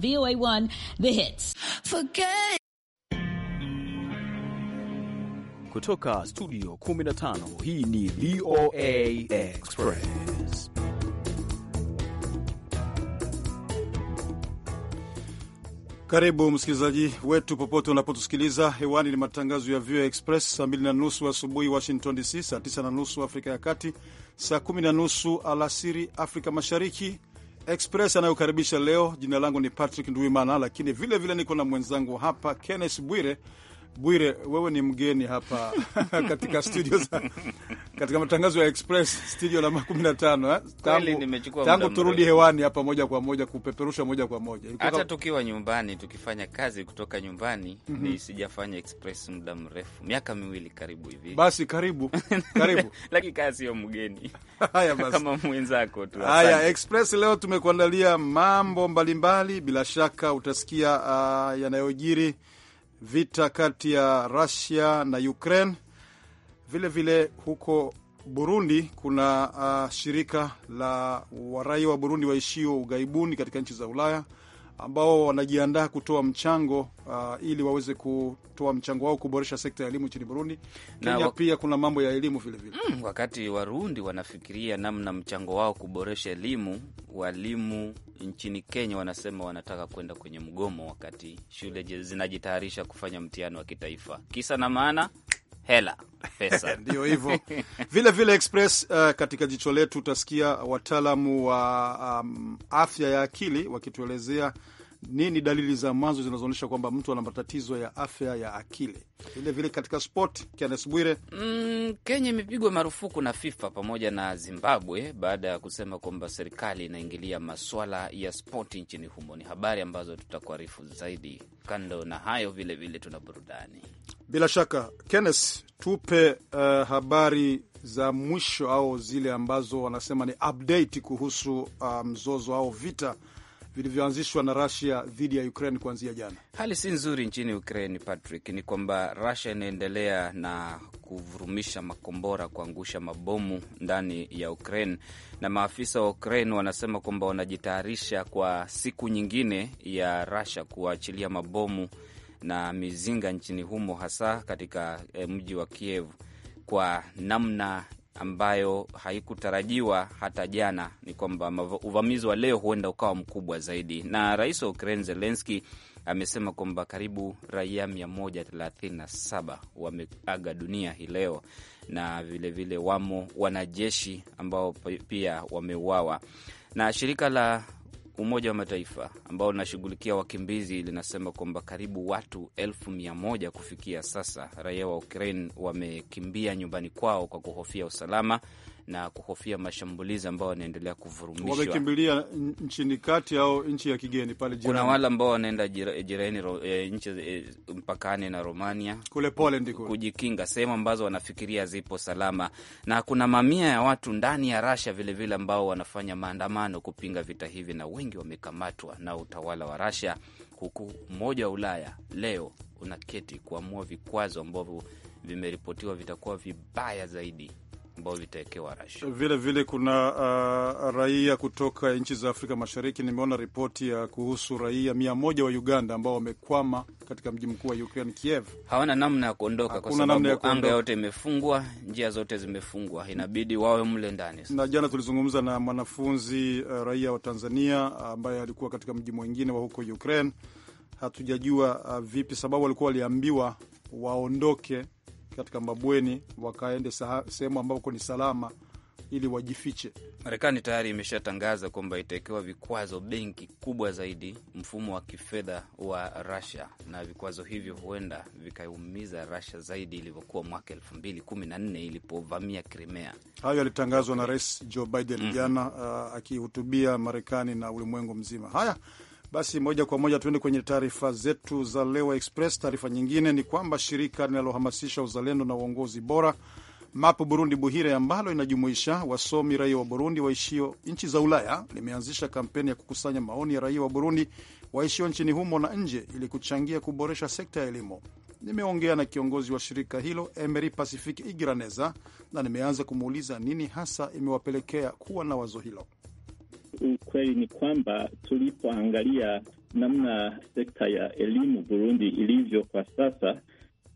VOA1 The Hits. Forget. Kutoka studio 15 hii ni VOA Express. Karibu msikilizaji wetu popote unapotusikiliza hewani. Ni matangazo ya VOA Express saa 2 na nusu asubuhi wa Washington DC, saa 9 na nusu Afrika ya Kati, saa 10 na nusu alasiri Afrika Mashariki. Express anayokaribisha leo. Jina langu ni Patrick Ndwimana, lakini vilevile niko na mwenzangu hapa Kenneth Bwire Bwire, wewe ni mgeni hapa katika studio za, katika matangazo ya Express studio namba 15 eh? Tangu, tangu turudi hewani hapa moja kwa moja kupeperusha moja kwa moja, hata tukiwa nyumbani tukifanya kazi kutoka nyumbani mm -hmm. ni sijafanya Express muda mrefu, miaka miwili karibu hivi. Basi karibu karibu lakini kazi sio mgeni haya basi, kama mwenzako tu. Haya, Express leo tumekuandalia mambo mbalimbali mbali, bila shaka utasikia uh, yanayojiri vita kati ya Russia na Ukraine. Vilevile huko Burundi kuna uh, shirika la waraia wa Burundi waishio ughaibuni katika nchi za Ulaya ambao wanajiandaa kutoa mchango uh, ili waweze kutoa mchango wao kuboresha sekta ya elimu nchini Burundi. Kenya wa... pia kuna mambo ya elimu vilevile Mm, wakati Warundi wanafikiria namna mchango wao kuboresha elimu, walimu nchini Kenya wanasema wanataka kwenda kwenye mgomo wakati shule zinajitayarisha kufanya mtihani wa kitaifa. Kisa na maana hela pesa ndio hivyo vile vile Express. Uh, katika jicho letu utasikia wataalamu wa um, afya ya akili wakituelezea nini dalili za mwanzo zinazoonyesha kwamba mtu ana matatizo ya afya ya akili? Vilevile katika sport, Kennes Bwire. Mm, Kenya imepigwa marufuku na FIFA pamoja na Zimbabwe baada ya kusema kwamba serikali inaingilia maswala ya spoti nchini humo. Ni habari ambazo tutakuarifu zaidi. Kando na hayo, vilevile tuna burudani bila shaka. Kennes, tupe uh, habari za mwisho au zile ambazo wanasema ni update kuhusu uh, mzozo au vita vilivyoanzishwa na Rusia dhidi ya Ukraine kuanzia jana. Hali si nzuri nchini Ukraine, Patrick, ni kwamba Rusia inaendelea na kuvurumisha makombora, kuangusha mabomu ndani ya Ukraine, na maafisa wa Ukraine wanasema kwamba wanajitayarisha kwa siku nyingine ya Rusia kuachilia mabomu na mizinga nchini humo, hasa katika eh, mji wa Kiev kwa namna ambayo haikutarajiwa hata jana, ni kwamba uvamizi wa leo huenda ukawa mkubwa zaidi. Na rais wa Ukraine Zelenski amesema kwamba karibu raia 137 wameaga dunia hii leo, na vilevile vile wamo wanajeshi ambao pia wameuawa na shirika la Umoja wa Mataifa ambao linashughulikia wakimbizi linasema kwamba karibu watu elfu mia moja kufikia sasa raia wa Ukraine wamekimbia nyumbani kwao kwa kuhofia usalama na kuhofia mashambulizi ambao wanaendelea kuvurumishwa. Wamekimbilia nchini kati au nchi ya kigeni pale jirani. Kuna wale ambao wanaenda jirani eh, nchi eh, mpakani na Romania kule Poland kule, kujikinga sehemu ambazo wanafikiria zipo salama, na kuna mamia ya watu ndani ya Russia vilevile ambao wanafanya maandamano kupinga vita hivi, na wengi wamekamatwa na utawala wa Russia, huku Umoja wa Ulaya leo unaketi kuamua vikwazo ambavyo vimeripotiwa vitakuwa vibaya zaidi Boviteke vitaekewa Russia. Vile vile kuna uh, raia kutoka nchi za Afrika Mashariki. Nimeona ripoti ya kuhusu raia mia moja wa Uganda ambao wamekwama katika mji mkuu wa Ukraine, Kiev. Hawana namna ya kuondoka kwa sababu anga yote imefungwa, njia zote zimefungwa, inabidi wawe mle ndani. Na jana tulizungumza na mwanafunzi uh, raia wa Tanzania ambaye uh, alikuwa katika mji mwingine wa huko Ukraine. Hatujajua uh, vipi, sababu walikuwa waliambiwa waondoke katika mabweni, wakaende sehemu ambako ni salama ili wajifiche. Marekani tayari imeshatangaza kwamba itawekewa vikwazo benki kubwa zaidi mfumo wa kifedha wa rasia na vikwazo hivyo huenda vikaumiza Russia zaidi ilivyokuwa mwaka elfu mbili kumi na nne ilipovamia krimea Hayo yalitangazwa na Rais Joe Biden mm -hmm. jana uh, akihutubia Marekani na ulimwengu mzima. Haya, basi moja kwa moja tuende kwenye taarifa zetu za leo Express. Taarifa nyingine ni kwamba shirika linalohamasisha uzalendo na uongozi bora Mapu Burundi Buhire, ambalo inajumuisha wasomi raia wa Burundi waishio nchi za Ulaya, limeanzisha kampeni ya kukusanya maoni ya raia wa Burundi waishio nchini humo na nje ili kuchangia kuboresha sekta ya elimu. Nimeongea na kiongozi wa shirika hilo Emery Pacific Igiraneza na nimeanza kumuuliza nini hasa imewapelekea kuwa na wazo hilo ukweli ni kwamba tulipoangalia namna sekta ya elimu Burundi ilivyo kwa sasa,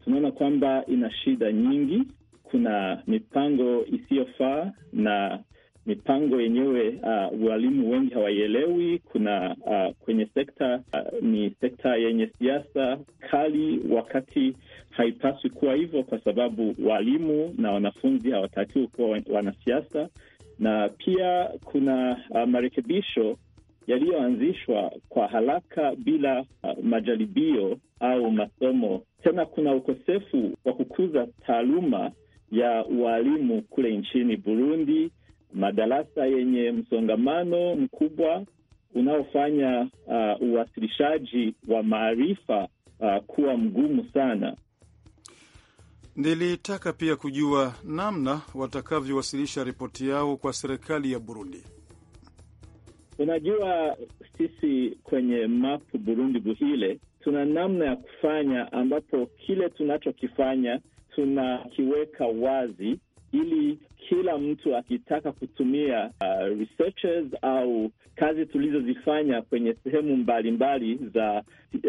tunaona kwamba ina shida nyingi. Kuna mipango isiyofaa na mipango yenyewe uh, walimu wengi hawaielewi. Kuna uh, kwenye sekta uh, ni sekta yenye siasa kali, wakati haipaswi kuwa hivyo, kwa sababu walimu na wanafunzi hawatakiwi kuwa wanasiasa na pia kuna uh, marekebisho yaliyoanzishwa kwa haraka bila uh, majaribio au masomo. Tena kuna ukosefu wa kukuza taaluma ya ualimu kule nchini Burundi, madarasa yenye msongamano mkubwa unaofanya uh, uwasilishaji wa maarifa uh, kuwa mgumu sana. Nilitaka pia kujua namna watakavyowasilisha ripoti yao kwa serikali ya Burundi. Unajua, sisi kwenye mapu Burundi Buhile tuna namna ya kufanya ambapo kile tunachokifanya tunakiweka wazi ili kila mtu akitaka kutumia uh, au kazi tulizozifanya kwenye sehemu mbalimbali mbali za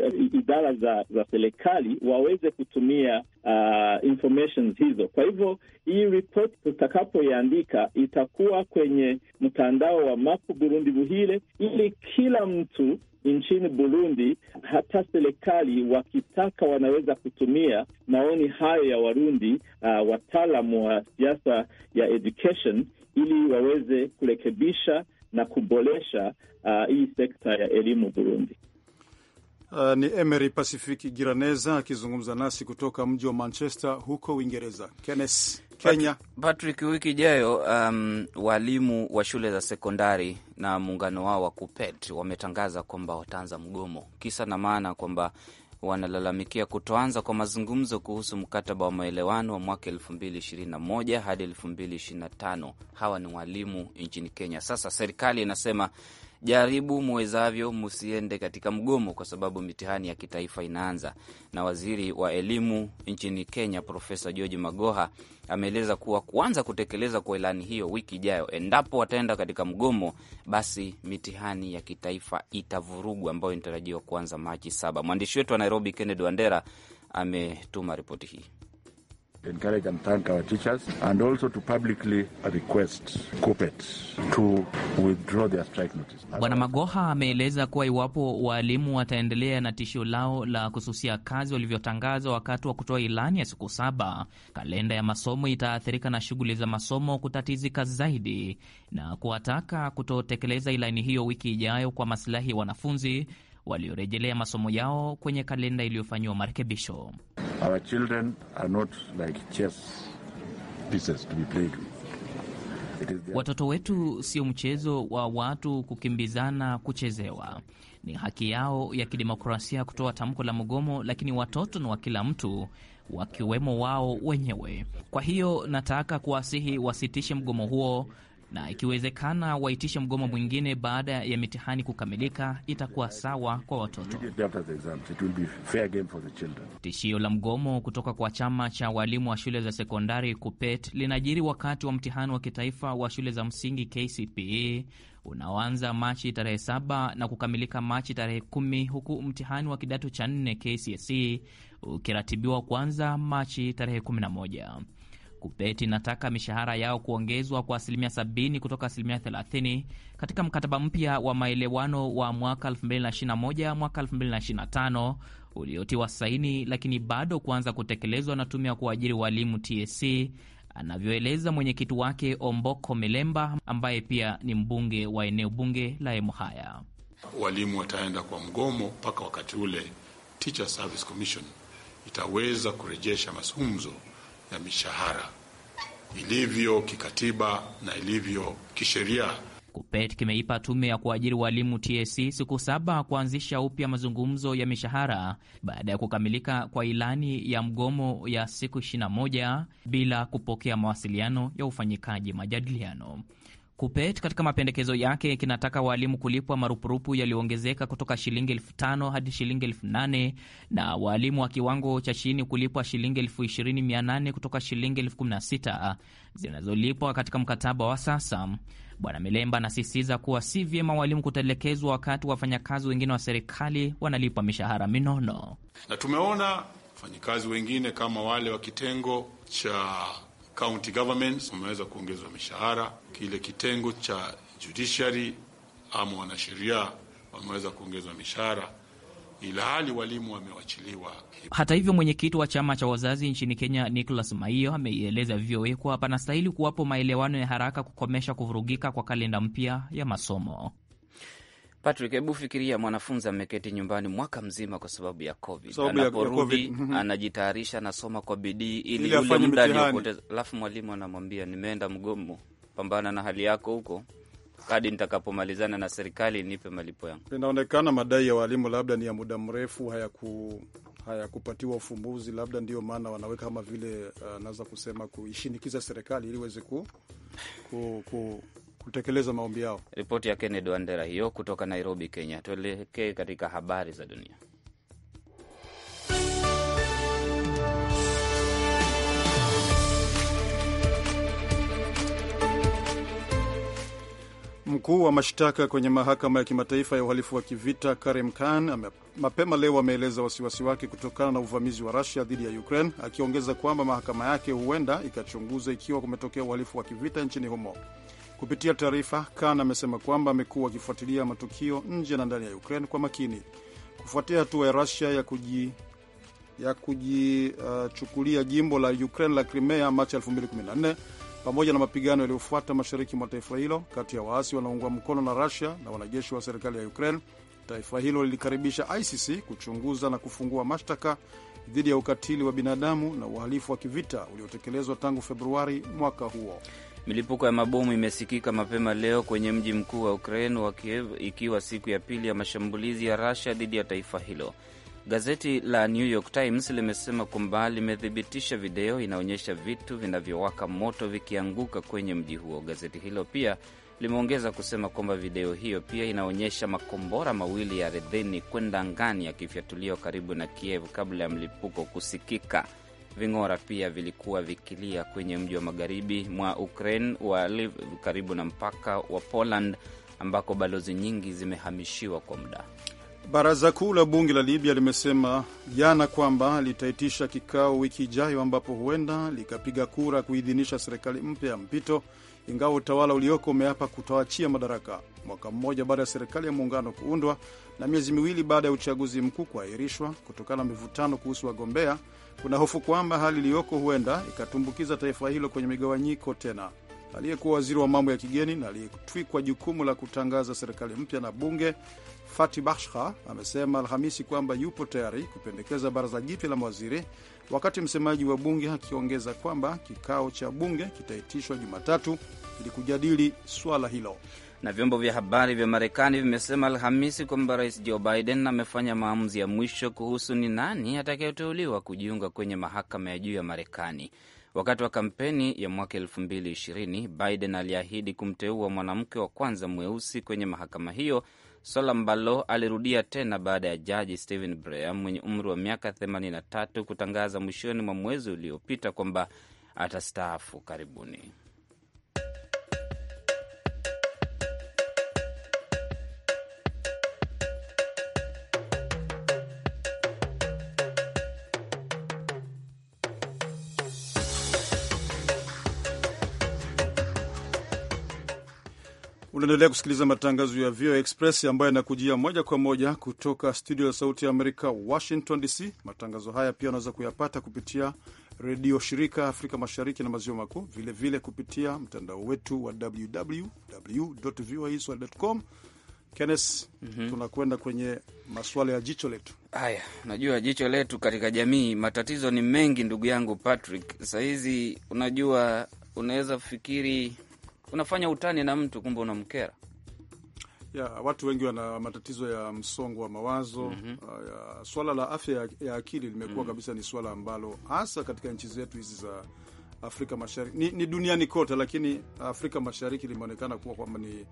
uh, idara za, za serikali waweze kutumia uh, informations hizo. Kwa hivyo hii report tutakapoiandika itakuwa kwenye mtandao wa Mapu Burundi Buhile, ili kila mtu nchini Burundi, hata serikali wakitaka wanaweza kutumia maoni hayo ya Warundi, uh, wataalamu wa siasa ya education ili waweze kurekebisha na kuboresha uh, hii sekta ya elimu Burundi. Uh, ni Emery Pacific Giraneza akizungumza nasi kutoka mji wa Manchester huko Uingereza. Kenneth Kenya. Patrick, wiki ijayo um, walimu wa shule za sekondari na muungano wao wa KUPET wametangaza kwamba wataanza mgomo, kisa na maana kwamba wanalalamikia kutoanza kwa mazungumzo kuhusu mkataba wa maelewano wa mwaka elfu mbili ishirini na moja hadi elfu mbili ishirini na tano. Hawa ni walimu nchini Kenya. Sasa serikali inasema jaribu mwezavyo, msiende katika mgomo kwa sababu mitihani ya kitaifa inaanza. Na waziri wa elimu nchini Kenya Profesa George Magoha ameeleza kuwa kuanza kutekeleza kwa ilani hiyo wiki ijayo, endapo wataenda katika mgomo, basi mitihani ya kitaifa itavurugwa, ambayo inatarajiwa kuanza Machi saba. Mwandishi wetu wa Nairobi, Kennedy Wandera, ametuma ripoti hii encourage and thank our teachers and also to publicly request KUPPET to withdraw their strike notice. Bwana Magoha ameeleza kuwa iwapo waalimu wataendelea na tishio lao la kususia kazi walivyotangaza wakati wa kutoa ilani ya siku saba, kalenda ya masomo itaathirika na shughuli za masomo kutatizika zaidi, na kuwataka kutotekeleza ilani hiyo wiki ijayo kwa masilahi ya wanafunzi waliorejelea masomo yao kwenye kalenda iliyofanyiwa marekebisho. Our children are not like chess pieces to be played with. Watoto wetu sio mchezo wa watu kukimbizana kuchezewa. Ni haki yao ya kidemokrasia kutoa tamko la mgomo, lakini watoto ni wa kila mtu, wakiwemo wao wenyewe. Kwa hiyo nataka kuwasihi wasitishe mgomo huo na ikiwezekana waitishe mgomo mwingine baada ya mitihani kukamilika, itakuwa sawa kwa watoto. Tishio la mgomo kutoka kwa chama cha walimu wa shule za sekondari KUPET linajiri wakati wa mtihani wa kitaifa wa shule za msingi KCPE unaoanza Machi tarehe 7 na kukamilika Machi tarehe 10, huku mtihani wa kidato cha nne KCSE ukiratibiwa kuanza Machi tarehe 11. Kubeti inataka mishahara yao kuongezwa kwa asilimia 70 kutoka asilimia 30 katika mkataba mpya wa maelewano wa mwaka 2021 mwaka 2025 uliotiwa saini, lakini bado kuanza kutekelezwa na tume ya kuajiri walimu TSC, anavyoeleza mwenyekiti wake Omboko Melemba ambaye pia ni mbunge wa eneo bunge la Emuhaya. Walimu wataenda kwa mgomo mpaka wakati ule Teacher Service Commission itaweza kurejesha mazungumzo ya mishahara ilivyo kikatiba na ilivyo kisheria. kupet kimeipa tume ya kuajiri walimu TSC siku saba kuanzisha upya mazungumzo ya mishahara baada ya kukamilika kwa ilani ya mgomo ya siku 21 bila kupokea mawasiliano ya ufanyikaji majadiliano. KUPET katika mapendekezo yake kinataka waalimu kulipwa marupurupu yaliyoongezeka kutoka shilingi elfu tano hadi shilingi elfu nane na waalimu wa kiwango cha chini kulipwa shilingi elfu ishirini mia nane kutoka shilingi elfu kumi na sita zinazolipwa katika mkataba wa sasa. Bwana Milemba anasisitiza kuwa si vyema waalimu kutelekezwa wakati wafanyakazi wengine wa serikali wanalipwa mishahara minono. Na tumeona wafanyakazi wengine kama wale wa kitengo cha county governments wameweza kuongezwa mishahara. Kile kitengo cha judiciary ama wanasheria wameweza kuongezwa mishahara, ila hali walimu wamewachiliwa. Hata hivyo, mwenyekiti wa chama cha wazazi nchini Kenya Nicholas Maiyo ameieleza VOA kuwa panastahili kuwapo maelewano ya haraka kukomesha kuvurugika kwa kalenda mpya ya masomo. Patrick, hebu fikiria mwanafunzi ameketi nyumbani mwaka mzima kwa sababu ya COVID, anaporudi mhm. anajitayarisha, anasoma kwa bidii ili ule muda aliopoteza, alafu mwalimu anamwambia nimeenda mgomo, pambana na hali yako huko hadi nitakapomalizana na serikali nipe malipo yangu. Inaonekana madai ya walimu labda ni ya muda mrefu, hayaku hayakupatiwa ufumbuzi, labda ndio maana wanaweka kama vile, uh, kusema kuishinikiza serikali ili iweze ku, ku, ku kutekeleza maombi yao. Ripoti ya Kennedy Wandera hiyo kutoka Nairobi, Kenya. Tuelekee katika habari za dunia. Mkuu wa mashtaka kwenye mahakama ya kimataifa ya uhalifu wa kivita Karim Khan mapema leo ameeleza wasiwasi wake kutokana na uvamizi wa Rusia dhidi ya Ukraine, akiongeza kwamba mahakama yake huenda ikachunguza ikiwa kumetokea uhalifu wa kivita nchini humo. Kupitia taarifa, kan amesema kwamba amekuwa akifuatilia matukio nje na ndani ya Ukraine kwa makini kufuatia hatua ya Rusia ya kuji ya kujichukulia uh, jimbo la Ukraine la Crimea Machi 2014 pamoja na mapigano yaliyofuata mashariki mwa taifa hilo kati ya waasi wanaoungwa mkono na Rusia na wanajeshi wa serikali ya Ukraine. Taifa hilo lilikaribisha ICC kuchunguza na kufungua mashtaka dhidi ya ukatili wa binadamu na uhalifu wa kivita uliotekelezwa tangu Februari mwaka huo. Milipuko ya mabomu imesikika mapema leo kwenye mji mkuu wa Ukraine wa Kiev, ikiwa siku ya pili ya mashambulizi ya rasia dhidi ya taifa hilo. Gazeti la New York Times limesema kwamba limethibitisha video inaonyesha vitu vinavyowaka moto vikianguka kwenye mji huo. Gazeti hilo pia limeongeza kusema kwamba video hiyo pia inaonyesha makombora mawili ya ardhini kwenda angani yakifyatuliwa karibu na Kiev kabla ya mlipuko kusikika. Ving'ora pia vilikuwa vikilia kwenye mji wa magharibi mwa Ukraine wa Lviv karibu na mpaka wa Poland ambako balozi nyingi zimehamishiwa kwa muda. Baraza kuu la bunge la Libya limesema jana kwamba litaitisha kikao wiki ijayo ambapo huenda likapiga kura kuidhinisha serikali mpya ya mpito, ingawa utawala ulioko umeapa kutoachia madaraka, mwaka mmoja baada ya serikali ya muungano kuundwa na miezi miwili baada ya uchaguzi mkuu kuahirishwa kutokana na mivutano kuhusu wagombea kuna hofu kwamba hali iliyoko huenda ikatumbukiza taifa hilo kwenye migawanyiko tena. Aliyekuwa waziri wa mambo ya kigeni na aliyetwikwa jukumu la kutangaza serikali mpya na bunge, Fati Bashkha, amesema Alhamisi kwamba yupo tayari kupendekeza baraza jipya la mawaziri, wakati msemaji wa bunge akiongeza kwamba kikao cha bunge kitaitishwa Jumatatu ili kujadili swala hilo na vyombo vya habari vya Marekani vimesema Alhamisi kwamba rais Joe Biden amefanya maamuzi ya mwisho kuhusu ni nani atakayoteuliwa kujiunga kwenye mahakama ya juu ya Marekani. Wakati wa kampeni ya mwaka elfu mbili ishirini Biden aliahidi kumteua mwanamke wa kwanza mweusi kwenye mahakama hiyo, swala ambalo alirudia tena baada ya jaji Stephen Breyer mwenye umri wa miaka 83 kutangaza mwishoni mwa mwezi uliopita kwamba atastaafu karibuni. Unaendelea kusikiliza matangazo ya VOA Express ambayo yanakujia moja kwa moja kutoka studio ya Sauti ya Amerika, Washington DC. Matangazo haya pia unaweza kuyapata kupitia redio shirika Afrika Mashariki na Maziwa Makuu, vilevile kupitia mtandao wetu wa www voa com. Kennes, mm -hmm. Tunakwenda kwenye masuala ya jicho letu. Haya, unajua jicho letu katika jamii, matatizo ni mengi ndugu yangu Patrick. Sahizi unajua, unaweza fikiri unafanya utani na mtu, kumbe unamkera. Ya, watu wengi wana matatizo ya msongo wa mawazo mm -hmm. Swala la afya ya akili limekuwa mm -hmm. kabisa ni swala ambalo hasa katika nchi zetu hizi za Afrika Mashariki ni, ni duniani kote, lakini Afrika Mashariki limeonekana kuwa kwamba ni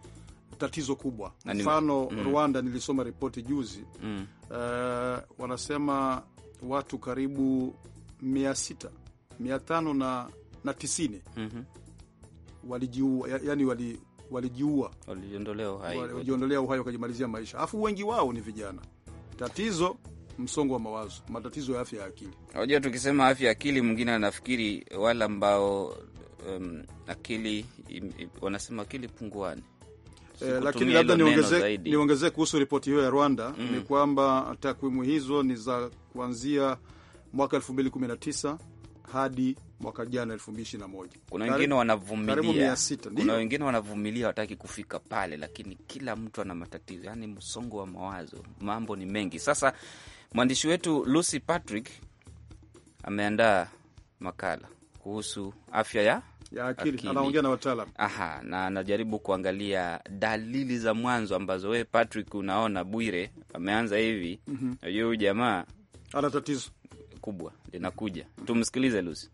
tatizo kubwa. Mfano mm -hmm. Rwanda, nilisoma ripoti juzi mm -hmm. uh, wanasema watu karibu mia sita mia tano na, na tisini mm -hmm walijiua, yani wali walijiua, walijiondolea uhai, wakajimalizia maisha, alafu wengi wao ni vijana. Tatizo msongo wa mawazo, matatizo ya afya ya akili. Unajua, tukisema afya ya akili, mwingine anafikiri wale ambao um, akili im, im, wanasema akili punguani E, lakini labda niongezee kuhusu ripoti hiyo ya Rwanda mm. ni kwamba takwimu hizo ni za kuanzia mwaka tisa hadi mwaka jana elfu mbili na moja. Kuna wengine wanavumilia, kuna wengine wanavumilia, wataki kufika pale, lakini kila mtu ana matatizo, yaani msongo wa mawazo, mambo ni mengi. Sasa mwandishi wetu Lucy Patrick ameandaa makala kuhusu afya ya ya akili, anaongea na wataalam aha, na anajaribu kuangalia dalili za mwanzo ambazo we Patrick unaona Bwire ameanza hivi. mm -hmm. Huyu jamaa ana tatizo kubwa linakuja, tumsikilize Lucy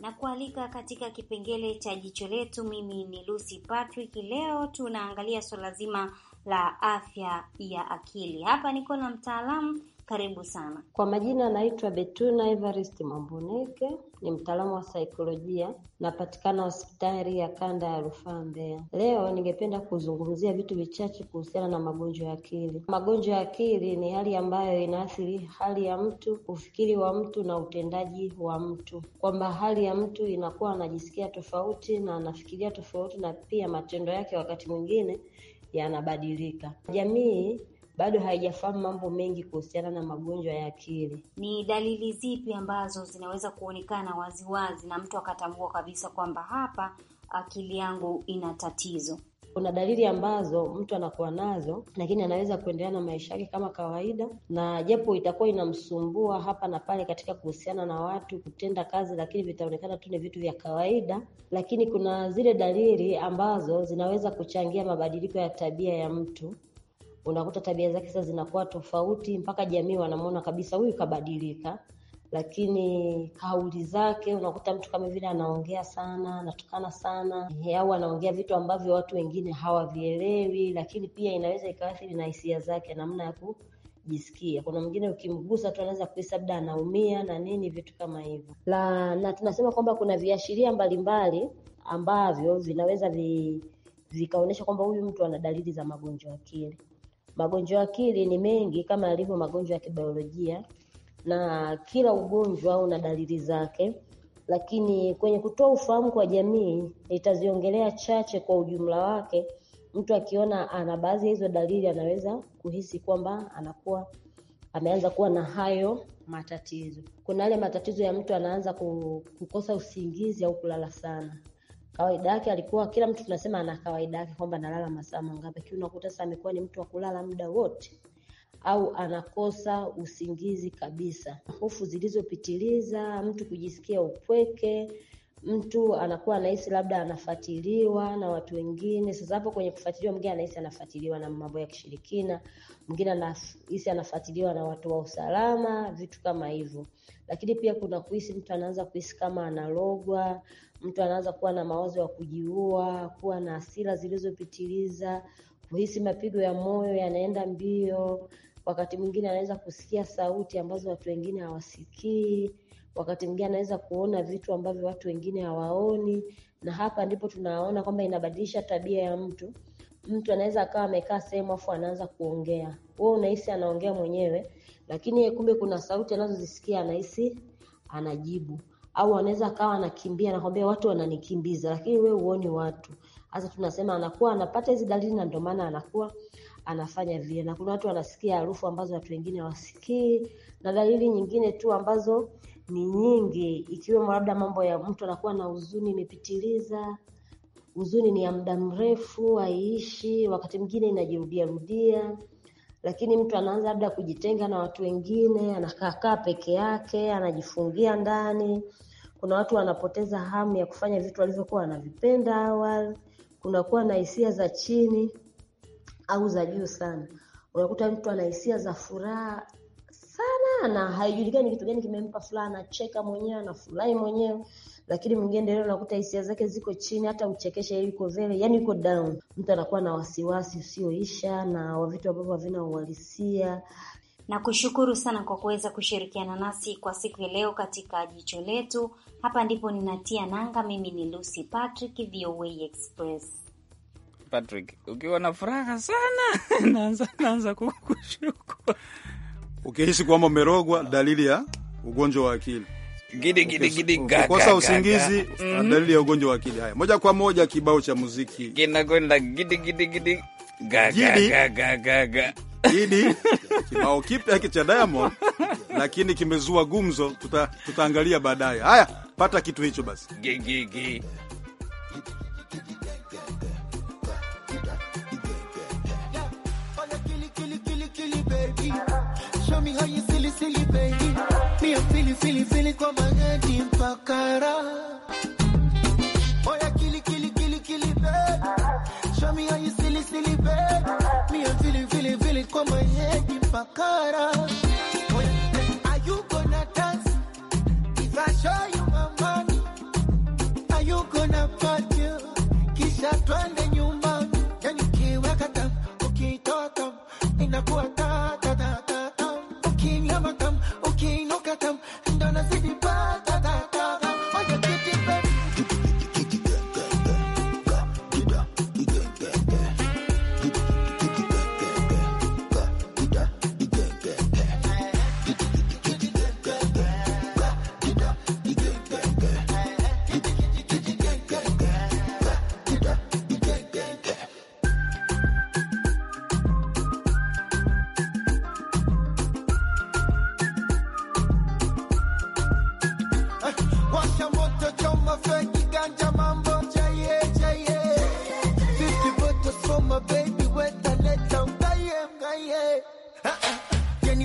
na kualika katika kipengele cha jicho letu. Mimi ni Lucy Patrick. Leo tunaangalia swala zima la afya ya akili. Hapa niko na mtaalamu karibu sana. Kwa majina anaitwa Betuna Evarist Mambuneke, ni mtaalamu wa saikolojia, napatikana hospitali ya kanda ya rufaa Mbeya. Leo ningependa kuzungumzia vitu vichache kuhusiana na magonjwa ya akili. Magonjwa ya akili ni hali ambayo inaathiri hali ya mtu, ufikiri wa mtu na utendaji wa mtu, kwamba hali ya mtu inakuwa anajisikia tofauti na anafikiria tofauti, na pia matendo yake wakati mwingine yanabadilika. Jamii bado haijafahamu mambo mengi kuhusiana na magonjwa ya akili. Ni dalili zipi ambazo zinaweza kuonekana waziwazi wazi, na mtu akatambua kabisa kwamba hapa akili yangu ina tatizo? Kuna dalili ambazo mtu anakuwa nazo lakini anaweza kuendelea na maisha yake kama kawaida, na japo itakuwa inamsumbua hapa na pale katika kuhusiana na watu, kutenda kazi, lakini vitaonekana tu ni vitu vya kawaida. Lakini kuna zile dalili ambazo zinaweza kuchangia mabadiliko ya tabia ya mtu, unakuta tabia zake sasa zinakuwa tofauti, mpaka jamii wanamwona kabisa huyu kabadilika. Lakini kauli zake unakuta mtu kama vile anaongea sana, anatukana sana, au anaongea vitu ambavyo watu wengine hawavielewi. Lakini pia inaweza ikaathiri na hisia zake, namna ya kujisikia. Kuna mwingine ukimgusa tu anaweza kuhisi labda anaumia na nini, vitu kama hivyo. na tunasema kwamba kuna viashiria mbalimbali ambavyo vinaweza vi, vikaonyesha kwamba huyu mtu ana dalili za magonjwa akili. Magonjwa ya akili ni mengi kama yalivyo magonjwa ya kibiolojia, na kila ugonjwa una dalili zake, lakini kwenye kutoa ufahamu kwa jamii nitaziongelea chache kwa ujumla wake. Mtu akiona ana baadhi ya hizo dalili, anaweza kuhisi kwamba anakuwa ameanza kuwa na hayo matatizo. Kuna yale matatizo ya mtu anaanza kukosa usingizi au kulala sana kawaida yake alikuwa kila mtu tunasema ana kawaida yake kwamba analala masaa mangapi, lakini unakuta sasa amekuwa ni mtu wa kulala muda wote au anakosa usingizi kabisa. Hofu zilizopitiliza, mtu kujisikia upweke, mtu anakuwa anahisi labda anafatiliwa na watu wengine. Sasa hapo kwenye kufatiliwa, mwingine anahisi anafatiliwa na mambo ya kishirikina, mwingine anahisi anafatiliwa na watu wa usalama, vitu kama hivyo. Lakini pia kuna kuhisi, mtu anaanza kuhisi kama analogwa mtu anaanza kuwa na mawazo ya kujiua, kuwa na hasira zilizopitiliza, kuhisi mapigo ya moyo yanaenda mbio. Wakati mwingine anaweza kusikia sauti ambazo watu wengine hawasikii. Wakati mwingine anaweza kuona vitu ambavyo watu wengine hawaoni, na hapa ndipo tunaona kwamba inabadilisha tabia ya mtu. Mtu anaweza akawa amekaa sehemu afu anaanza kuongea, wewe unahisi anaongea mwenyewe, lakini kumbe kuna sauti anazozisikia anahisi anajibu au anaweza akawa anakimbia, anakwambia watu wananikimbiza, lakini we huoni watu. Sasa tunasema anakuwa anapata hizi dalili, na ndio maana anakuwa anafanya vile. Na kuna watu wanasikia harufu ambazo watu wengine wasikii, na dalili nyingine tu ambazo ni nyingi, ikiwemo labda mambo ya mtu anakuwa na huzuni imepitiliza, huzuni ni ya muda mrefu haiishi, wakati mwingine inajirudiarudia lakini mtu anaanza labda kujitenga na watu wengine, anakaakaa peke yake, anajifungia ndani. Kuna watu wanapoteza hamu ya kufanya vitu walivyokuwa wanavipenda awali. Kunakuwa na hisia za chini au za juu sana. Unakuta mtu ana hisia za furaha sana na haijulikani kitu gani kimempa furaha, anacheka mwenyewe, anafurahi mwenyewe, lakini mwingine leo unakuta hisia zake ziko chini, hata uchekesha yuko vele yani yuko down. Mtu anakuwa na wasiwasi usioisha na vitu ambavyo havina uhalisia. Nakushukuru sana kwa kuweza kushirikiana nasi kwa siku ya leo katika jicho letu. Hapa ndipo ninatia nanga. Mimi ni Lucy Patrick, VOA Express. Patrick, ukiwa na furaha sana naanza naanza kukushukuru. ukihisi kwamba umerogwa, dalili ya ugonjwa wa akili gidi gidi gidi gaga. Kosa usingizi mm-hmm. dalili ya ugonjwa wa akili. Haya, moja kwa moja kibao cha muziki kinakwenda gidi gidi gidi gaga gaga. Gidi kibao kipya hiki cha Diamond lakini kimezua gumzo, tutaangalia baadaye. Haya, pata kitu hicho basi. Gigi. Filifili kwa mageti mpaka raha. Oya kili kili kili kili baby. Show me how you silly silly baby. Mia filifili kwa mageti mpaka raha.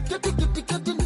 get it, get it, get it.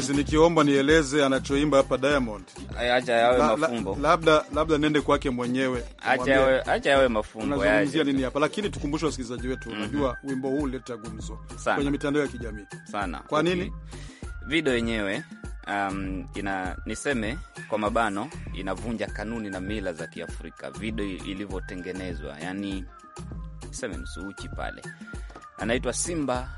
Kenneth, nikiomba nieleze anachoimba hapa Diamond. Acha yawe mafumbo. Labda labda nende kwake mwenyewe. Acha yawe acha yawe mafumbo. Unazungumzia nini hapa? Lakini tukumbushe wasikilizaji wetu, mhm. unajua mm -hmm. wimbo huu uleta gumzo sana kwenye mitandao ya kijamii. Sana. Kwa nini? Okay. Video yenyewe um, ina niseme kwa mabano inavunja kanuni na mila za Kiafrika. Video ilivyotengenezwa, yani niseme msuuchi pale. Anaitwa Simba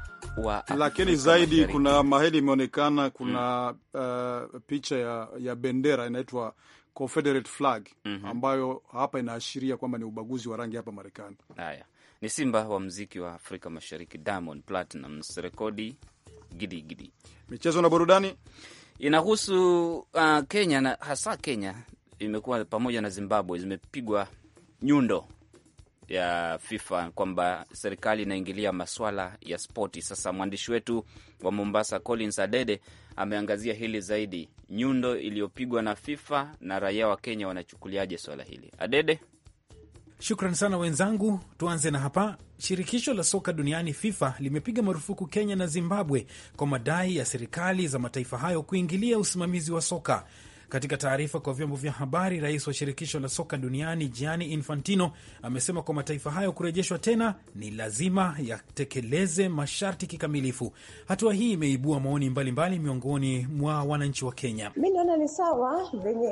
wa lakini zaidi Kuna mahali imeonekana kuna mm. uh, picha ya, ya bendera inaitwa Confederate flag mm -hmm. ambayo hapa inaashiria kwamba ni ubaguzi wa rangi hapa Marekani. Haya ni simba wa mziki wa Afrika Mashariki Diamond Platnumz, rekodi gidigidi. Michezo na burudani inahusu uh, Kenya na hasa Kenya imekuwa pamoja na Zimbabwe zimepigwa nyundo ya FIFA kwamba serikali inaingilia maswala ya spoti. Sasa mwandishi wetu wa Mombasa Collins Adede ameangazia hili zaidi, nyundo iliyopigwa na FIFA na raia wa Kenya wanachukuliaje swala hili? Adede. Shukran sana wenzangu, tuanze na hapa. Shirikisho la soka duniani FIFA limepiga marufuku Kenya na Zimbabwe kwa madai ya serikali za mataifa hayo kuingilia usimamizi wa soka. Katika taarifa kwa vyombo vya habari, rais wa shirikisho la soka duniani Gianni Infantino amesema kwa mataifa hayo kurejeshwa tena ni lazima yatekeleze masharti kikamilifu. Hatua hii imeibua maoni mbalimbali miongoni mwa wananchi wa Kenya. Mi naona ni sawa venye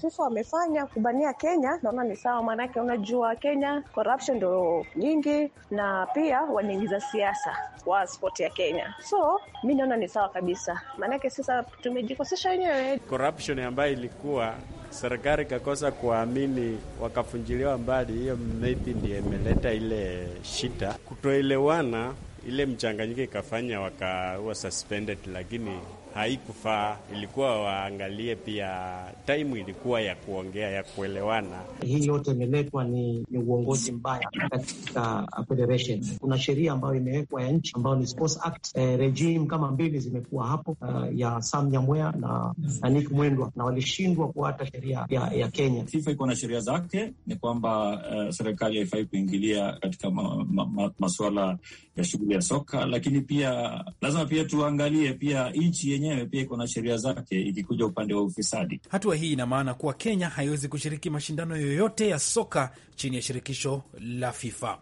FIFA wamefanya kubania Kenya, naona ni sawa, maanake unajua Kenya corruption ndo nyingi, na pia wanaingiza siasa wa spoti ya Kenya, so mi naona ni sawa kabisa, maanake sasa tumejikosesha wenyewe corruption corruption ambayo ilikuwa serikali ikakosa kuamini, wakafunjiliwa mbali, hiyo maybe ndio imeleta ile shida, kutoelewana ile mchanganyiko ikafanya wakawa suspended, lakini haikufaa. Ilikuwa waangalie pia taimu ilikuwa ya kuongea ya kuelewana. Hii yote imeletwa ni, ni uongozi mbaya katika federation. Kuna sheria ambayo imewekwa ya nchi ambayo ni Sports Act. Eh, regime kama mbili zimekuwa hapo uh, ya Sam Nyamwea na, na Nick Mwendwa na walishindwa kuata sheria ya, ya Kenya. FIFA iko na sheria zake, ni kwamba uh, serikali haifai kuingilia katika ma, ma, ma, masuala ya shughuli ya soka, lakini pia lazima pia tuangalie pia nchi yenye yenyewe pia iko na sheria zake ikikuja upande wa ufisadi. Hatua hii ina maana kuwa Kenya haiwezi kushiriki mashindano yoyote ya soka chini ya shirikisho la FIFA.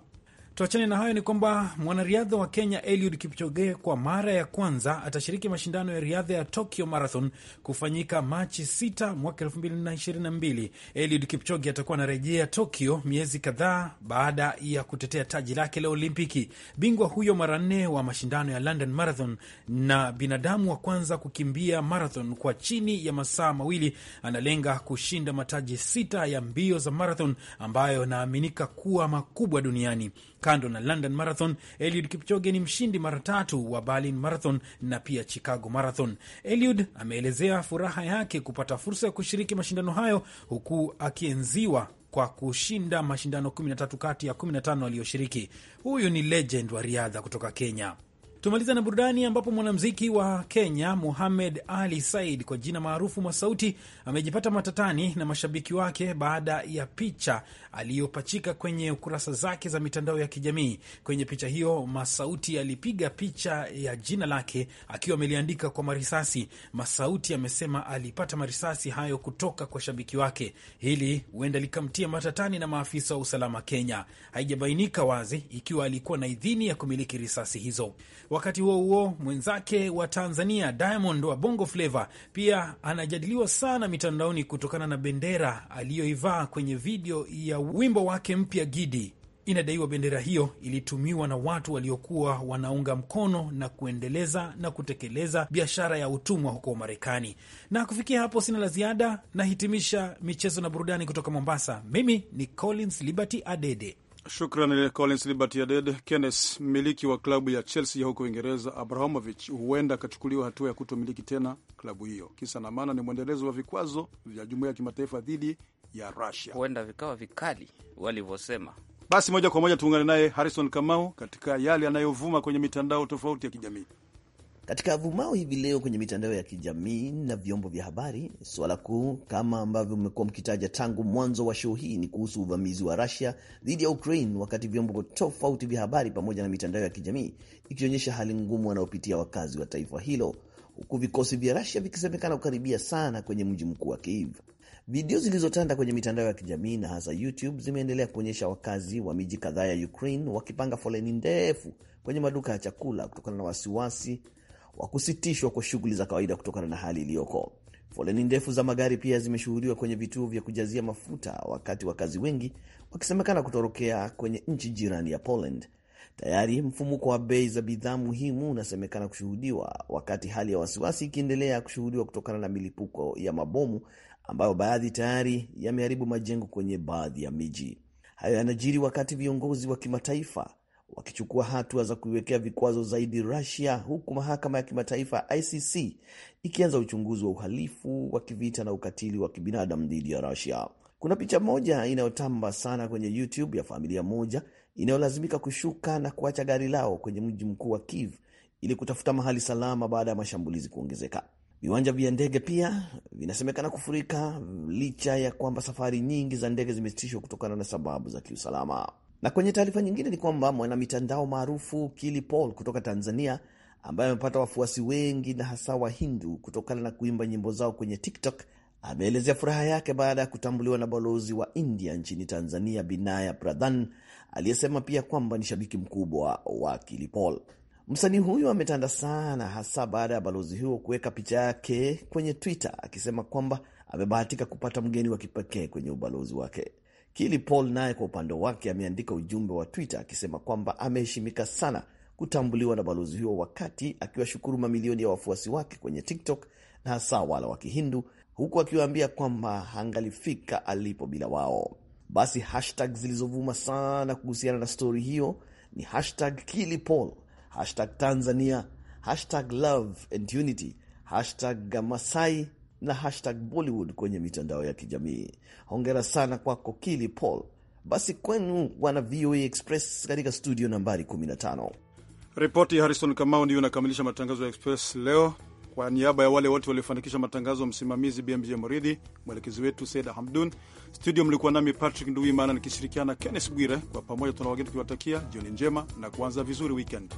Tuachane na hayo, ni kwamba mwanariadha wa Kenya Eliud Kipchoge kwa mara ya kwanza atashiriki mashindano ya riadha ya Tokyo Marathon kufanyika Machi 6 mwaka 2022. Eliud Kipchoge atakuwa anarejea Tokyo miezi kadhaa baada ya kutetea taji lake la Olimpiki. Bingwa huyo mara nne wa mashindano ya London Marathon na binadamu wa kwanza kukimbia marathon kwa chini ya masaa mawili analenga kushinda mataji sita ya mbio za marathon ambayo yanaaminika kuwa makubwa duniani. Kando na London Marathon, Eliud Kipchoge ni mshindi mara tatu wa Berlin Marathon na pia Chicago Marathon. Eliud ameelezea furaha yake kupata fursa ya kushiriki mashindano hayo huku akienziwa kwa kushinda mashindano 13 kati ya 15 aliyoshiriki. Huyu ni legend wa riadha kutoka Kenya. Tumaliza na burudani ambapo mwanamuziki wa Kenya Muhamed Ali Said kwa jina maarufu Masauti amejipata matatani na mashabiki wake baada ya picha aliyopachika kwenye kurasa zake za mitandao ya kijamii. Kwenye picha hiyo, Masauti alipiga picha ya jina lake akiwa ameliandika kwa marisasi. Masauti amesema alipata marisasi hayo kutoka kwa shabiki wake. Hili huenda likamtia matatani na maafisa wa usalama Kenya. Haijabainika wazi ikiwa alikuwa na idhini ya kumiliki risasi hizo. Wakati huo huo, mwenzake wa Tanzania Diamond wa Bongo Flava pia anajadiliwa sana mitandaoni kutokana na bendera aliyoivaa kwenye video ya wimbo wake mpya Gidi. Inadaiwa bendera hiyo ilitumiwa na watu waliokuwa wanaunga mkono na kuendeleza na kutekeleza biashara ya utumwa huko Marekani. Na kufikia hapo, sina la ziada, nahitimisha michezo na burudani kutoka Mombasa. Mimi ni Collins Liberty Adede. Shukran eh, Collins Liberty Adede. kennes mmiliki wa klabu ya Chelsea huko Uingereza, Abrahamovich huenda akachukuliwa hatua ya kutomiliki tena klabu hiyo. Kisa na maana ni mwendelezo wa vikwazo vya jumuiya ya kimataifa dhidi ya Russia, huenda vikawa vikali walivyosema. Basi moja kwa moja tuungane naye Harrison Kamau katika yale yanayovuma kwenye mitandao tofauti ya kijamii katika vumao hivi leo kwenye mitandao ya kijamii na vyombo vya habari. suala kuu kama ambavyo mmekuwa mkitaja tangu mwanzo wa show hii ni kuhusu uvamizi wa Russia dhidi ya Ukraine, wakati vyombo tofauti vya habari pamoja na mitandao ya kijamii ikionyesha hali ngumu wanaopitia wakazi wa taifa hilo, huku vikosi vya Russia vikisemekana kukaribia sana kwenye mji mkuu wa Kiev. Video zilizotanda kwenye mitandao ya kijamii na hasa YouTube zimeendelea kuonyesha wakazi wa miji kadhaa ya Ukraine wakipanga foleni ndefu kwenye maduka ya chakula kutokana na wasiwasi wa kusitishwa kwa shughuli za kawaida kutokana na hali iliyoko. Foleni ndefu za magari pia zimeshuhudiwa kwenye vituo vya kujazia mafuta, wakati wakazi wengi wakisemekana kutorokea kwenye nchi jirani ya Poland. Tayari mfumuko wa bei za bidhaa muhimu unasemekana kushuhudiwa, wakati hali ya wasiwasi ikiendelea kushuhudiwa kutokana na milipuko ya mabomu ambayo baadhi tayari yameharibu majengo kwenye baadhi ya miji. Hayo yanajiri wakati viongozi wa kimataifa wakichukua hatua za kuiwekea vikwazo zaidi Russia, huku mahakama ya kimataifa ICC ikianza uchunguzi wa uhalifu wa kivita na ukatili wa kibinadamu dhidi ya Russia. Kuna picha moja inayotamba sana kwenye YouTube ya familia moja inayolazimika kushuka na kuacha gari lao kwenye mji mkuu wa Kiev ili kutafuta mahali salama baada ya mashambulizi kuongezeka. Viwanja vya ndege pia vinasemekana kufurika licha ya kwamba safari nyingi za ndege zimesitishwa kutokana na sababu za kiusalama. Na kwenye taarifa nyingine ni kwamba mwanamitandao maarufu Kili Paul kutoka Tanzania ambaye amepata wafuasi wengi na hasa Wahindu kutokana na kuimba nyimbo zao kwenye TikTok ameelezea furaha yake baada ya kutambuliwa na balozi wa India nchini Tanzania, Binaya Pradhan, aliyesema pia kwamba ni shabiki mkubwa wa Kili Paul. Msanii huyu ametanda sana, hasa baada ya balozi huo kuweka picha yake kwenye Twitter akisema kwamba amebahatika kupata mgeni wa kipekee kwenye ubalozi wake. Kili Paul naye kwa upande wake ameandika ujumbe wa Twitter akisema kwamba ameheshimika sana kutambuliwa na balozi huo, wakati akiwashukuru mamilioni ya wafuasi wake kwenye TikTok na hasa wala wa Kihindu, huku akiwaambia kwamba hangalifika alipo bila wao. Basi hashtag zilizovuma sana kuhusiana na stori hiyo ni hashtag Kili Paul, hashtag Tanzania, hashtag Love and Unity, hashtag Masai na hashtag Bollywood kwenye mitandao ya kijamii. Hongera sana kwako Kili Paul. Basi kwenu wana VOA Express katika studio nambari 15. Ripoti ya Harrison Kamau ndiyo inakamilisha matangazo ya Express leo. Kwa niaba ya wale wote waliofanikisha matangazo, msimamizi BMJ Moridhi, mwelekezi wetu Saida Hamdun, studio mlikuwa nami Patrick Nduimana nikishirikiana na Kennes Bwire. Kwa pamoja tuna wageni tukiwatakia jioni njema na kuanza vizuri weekend.